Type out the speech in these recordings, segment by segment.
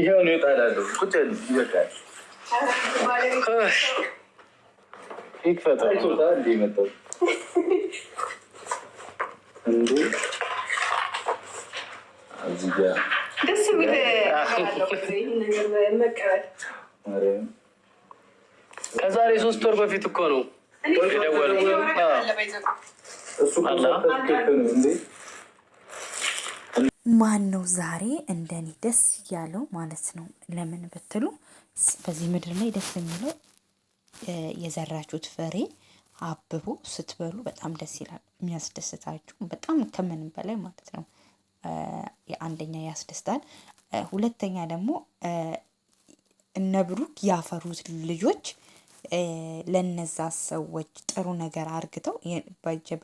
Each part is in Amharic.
ይሄው ነው ታላሉ ቁጭ ይበቃል። ከዛሬ ሶስት ወር በፊት እኮ ነው የደወለው። ማን ነው ዛሬ እንደኔ ደስ እያለው ማለት ነው? ለምን ብትሉ በዚህ ምድር ላይ ደስ የሚለው የዘራችሁት ፍሬ አብቦ ስትበሉ በጣም ደስ ይላል። የሚያስደስታችሁ በጣም ከምንም በላይ ማለት ነው። አንደኛ ያስደስታል። ሁለተኛ ደግሞ እነ ብሩክ ያፈሩት ልጆች ለነዛ ሰዎች ጥሩ ነገር አርግተው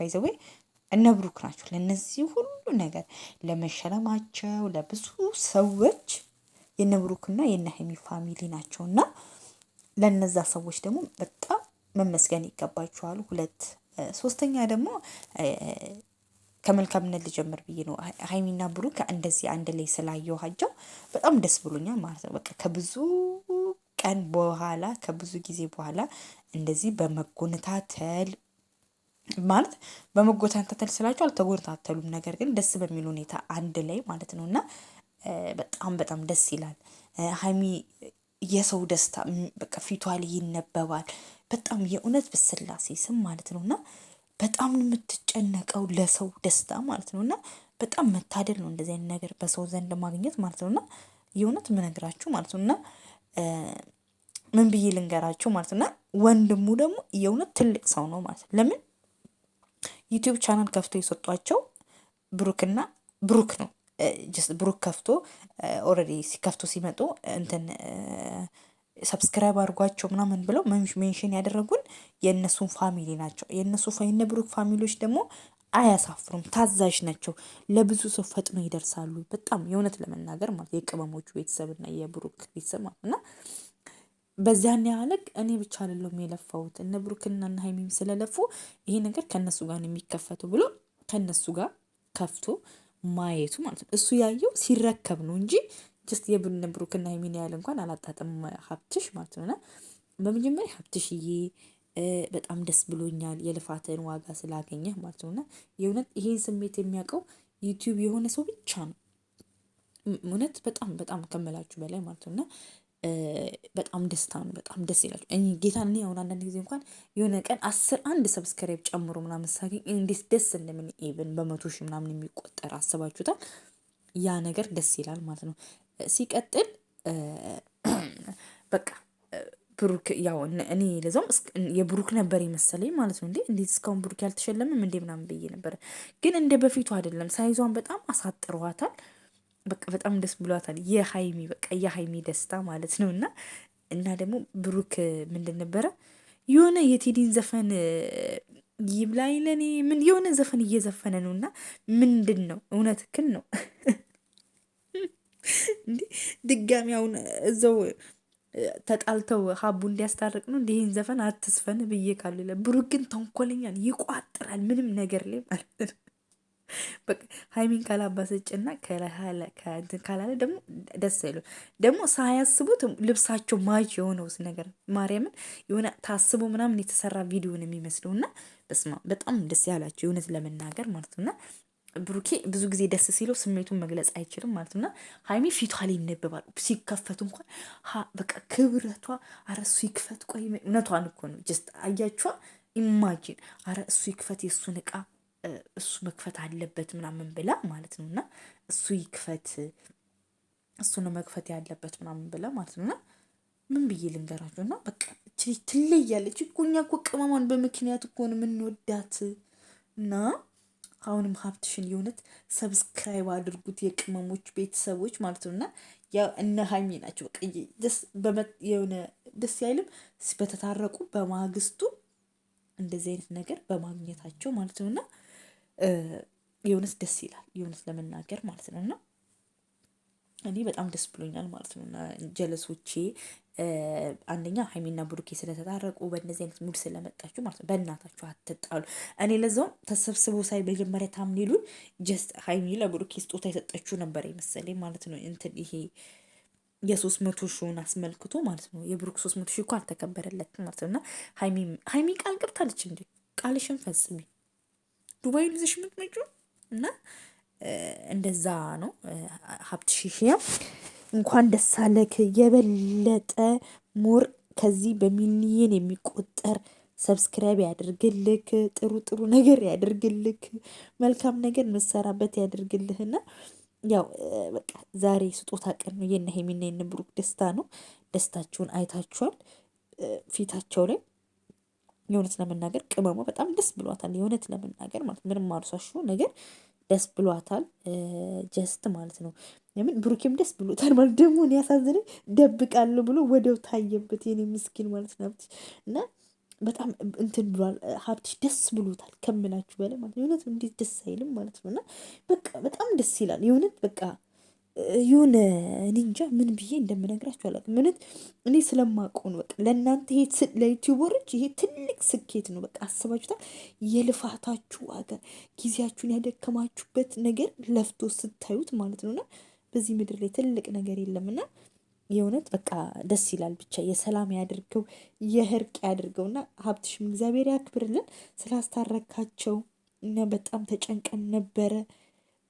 ባይዘዌ እነ ብሩክ ናቸው። ለእነዚህ ሁሉ ነገር ለመሸለማቸው ለብዙ ሰዎች የነ ብሩክና የነ ሀይሚ ፋሚሊ ናቸው እና ለነዛ ሰዎች ደግሞ በጣም መመስገን ይገባቸዋል። ሁለት ሶስተኛ ደግሞ ከመልካምነት ልጀምር ብዬ ነው። ሀይሚና ብሩክ እንደዚህ አንድ ላይ ስላየኋቸው በጣም ደስ ብሎኛል ማለት ነው። በቃ ከብዙ ቀን በኋላ ከብዙ ጊዜ በኋላ እንደዚህ በመጎነታተል ማለት በመጎታተል ስላቸው አልተጎታተሉም፣ ነገር ግን ደስ በሚል ሁኔታ አንድ ላይ ማለት ነው እና በጣም በጣም ደስ ይላል። ሀይሚ የሰው ደስታ በቃ ፊቷ ላይ ይነበባል። በጣም የእውነት በስላሴ ስም ማለት ነው እና በጣም የምትጨነቀው ለሰው ደስታ ማለት ነው እና በጣም መታደል ነው እንደዚህ አይነት ነገር በሰው ዘንድ ማግኘት ማለት ነው እና የእውነት ምነግራችሁ ማለት ነው እና ምን ብዬ ልንገራችሁ ማለት ነው እና ወንድሙ ደግሞ የእውነት ትልቅ ሰው ነው ማለት ለምን ዩቲዩብ ቻናል ከፍቶ የሰጧቸው ብሩክና ብሩክ ነው። ብሩክ ከፍቶ ኦልሬዲ ከፍቶ ሲመጡ እንትን ሰብስክራይብ አድርጓቸው ምናምን ብለው ሜንሽን ያደረጉን የእነሱን ፋሚሊ ናቸው። የእነሱ የነ ብሩክ ፋሚሊዎች ደግሞ አያሳፍሩም፣ ታዛዥ ናቸው። ለብዙ ሰው ፈጥኖ ይደርሳሉ። በጣም የእውነት ለመናገር ማለት የቅመሞቹ ቤተሰብና የብሩክ ቤተሰብ ማለት እና በዚያን ያህልግ እኔ ብቻ አይደለሁም የለፋሁት እነ ብሩክና እነ ሀይሚም ስለለፉ ይሄ ነገር ከእነሱ ጋር ነው የሚከፈተው ብሎ ከእነሱ ጋር ከፍቶ ማየቱ ማለት ነው። እሱ ያየው ሲረከብ ነው እንጂ ጀስት የብነ ብሩክና ሀይሚን ያህል እንኳን አላጣጥም ሀብትሽ ማለት ነው። እና በመጀመሪያ ሀብትሽዬ በጣም ደስ ብሎኛል የልፋትን ዋጋ ስላገኘህ ማለት ነው። እና የእውነት ይሄን ስሜት የሚያውቀው ዩቲዩብ የሆነ ሰው ብቻ ነው። እውነት በጣም በጣም ከመላችሁ በላይ ማለት ነው እና በጣም ደስታ ነው። በጣም ደስ ይላል። ጌታ ጌታን እኔ አሁን አንዳንድ ጊዜ እንኳን የሆነ ቀን አስር አንድ ሰብስክራይብ ጨምሮ ምናምን ሳገኝ እንዴት ደስ እንደምን ኢቨን በመቶ ሺህ ምናምን የሚቆጠር አስባችሁታል። ያ ነገር ደስ ይላል ማለት ነው። ሲቀጥል በቃ ብሩክ ያው እኔ ለዛውም የብሩክ ነበር የመሰለኝ ማለት ነው። እንዴ እንዴት እስካሁን ብሩክ ያልተሸለምም እንዴ ምናምን ብዬ ነበር። ግን እንደ በፊቱ አይደለም። ሳይዟን በጣም አሳጥረዋታል። በቃ በጣም ደስ ብሏታል። የሀይሚ በቃ የሀይሚ ደስታ ማለት ነው። እና እና ደግሞ ብሩክ ምንድን ነበረ የሆነ የቴዲን ዘፈን ይብላኝ ለኔ ምን የሆነ ዘፈን እየዘፈነ ነው። እና ምንድን ነው እውነት ክል ነው እንዲ ድጋሚ አሁን እዛው ተጣልተው ሀቡ እንዲያስታርቅ ነው እንዲህን ዘፈን አትስፈን ብዬ ካሉ ብሩክ ግን ተንኮለኛል፣ ይቋጥራል ምንም ነገር ላይ ማለት ነው። ሀይሚን ካላባሰጭና ካላለ ደግሞ ደስ አይሉ ደግሞ ሳያስቡት ልብሳቸው ማች የሆነው ነገር ማርያምን የሆነ ታስቦ ምናምን የተሰራ ቪዲዮን የሚመስለው እና በስማ በጣም ደስ ያላቸው የእውነት ለመናገር ማለት ነው እና ብሩኬ ብዙ ጊዜ ደስ ሲለው ስሜቱን መግለጽ አይችልም ማለት ነው ሀይሚ ፊቷ ላይ ይነበባል። ሲከፈቱ እንኳን በቃ ክብረቷ አረ እሱ ይክፈት ቆይ እውነቷን እኮ ነው ጀስት አያቿ ኢማጂን አረ እሱ ይክፈት የእሱን እቃ እሱ መክፈት አለበት ምናምን ብላ ማለት ነው። እና እሱ ይክፈት እሱ ነው መክፈት ያለበት ምናምን ብላ ማለት ነው። እና ምን ብዬ ልንገራችሁ? እና በቃ ትለያለች እኮ እኛ እኮ ቅመሟን በምክንያት እኮ ነው የምንወዳት። እና አሁንም ሀብትሽን የእውነት ሰብስክራይብ አድርጉት የቅመሞች ቤተሰቦች ማለት ነው። እና ያው እነ ሀይሚ ናቸው በቃ የሆነ ደስ ያይልም በተታረቁ በማግስቱ እንደዚህ አይነት ነገር በማግኘታቸው ማለት ነውና የእውነት ደስ ይላል፣ የእውነት ለመናገር ማለት ነው። እና እኔ በጣም ደስ ብሎኛል ማለት ነው። እና ጀለሶቼ አንደኛ ሀይሚና ብሩኬ ስለተታረቁ በእነዚህ አይነት ሙድ ስለመጣችሁ ማለት ነው። በእናታችሁ አትጣሉ። እኔ ለዛውም ተሰብስቦ ሳይ መጀመሪያ ታምኔሉን ጀስት ሀይሚ ለብሩኬ ስጦታ የሰጠችው ነበር የመሰለኝ ማለት ነው። እንትን ይሄ የሶስት መቶ ሺውን አስመልክቶ ማለት ነው። የብሩክ ሶስት መቶ ሺህ እኮ አልተከበረለት ማለት ነው። እና ሀይሚ ቃል ገብታለች እንዴ! ቃልሽን ፈጽሜ ዱባይ ይዘሽ የምትመጪው እና እንደዛ ነው። ሀብት ሺሽያ እንኳን ደስ አለክ። የበለጠ ሞር ከዚህ በሚሊየን የሚቆጠር ሰብስክራይብ ያድርግልክ። ጥሩ ጥሩ ነገር ያድርግልክ። መልካም ነገር መሰራበት ያድርግልህና ያው በቃ ዛሬ ስጦታ ቀን ነው። የነ ሄሚና የነ ብሩክ ደስታ ነው። ደስታችሁን አይታችኋል ፊታቸው ላይ የእውነት ለመናገር ቅመሟ በጣም ደስ ብሏታል። የእውነት ለመናገር ማለት ምንም አርሷሹ ነገር ደስ ብሏታል። ጀስት ማለት ነው። ምን ብሩኬም ደስ ብሎታል ማለት ደግሞ እኔ ያሳዝነኝ ደብቃለሁ ብሎ ወደው ታየበት የኔ ምስኪን ማለት ነው እና በጣም እንትን ብሏል ሀብትሽ ደስ ብሎታል ከምላችሁ በላይ ማለት ነው። የእውነት እንዴት ደስ አይልም ማለት ነው እና በቃ በጣም ደስ ይላል የእውነት በቃ የሆነ እኔ እንጃ ምን ብዬ እንደምነግራችሁ አላውቅም። እውነት እኔ ስለማውቀው ነው። በቃ ለእናንተ ለዩቲዩበሮች ይሄ ትልቅ ስኬት ነው። በቃ አስባችሁታል። የልፋታችሁ ዋጋ፣ ጊዜያችሁን ያደከማችሁበት ነገር ለፍቶ ስታዩት ማለት ነውና በዚህ ምድር ላይ ትልቅ ነገር የለምና የእውነት በቃ ደስ ይላል። ብቻ የሰላም ያድርገው የህርቅ ያድርገውና ሀብትሽም እግዚአብሔር ያክብርልን ስላስታረካቸው እና በጣም ተጨንቀን ነበረ።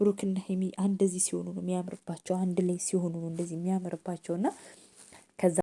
ብሩክና ሀይሚ አንደዚህ ሲሆኑ ነው የሚያምርባቸው። አንድ ላይ ሲሆኑ ነው እንደዚህ የሚያምርባቸው እና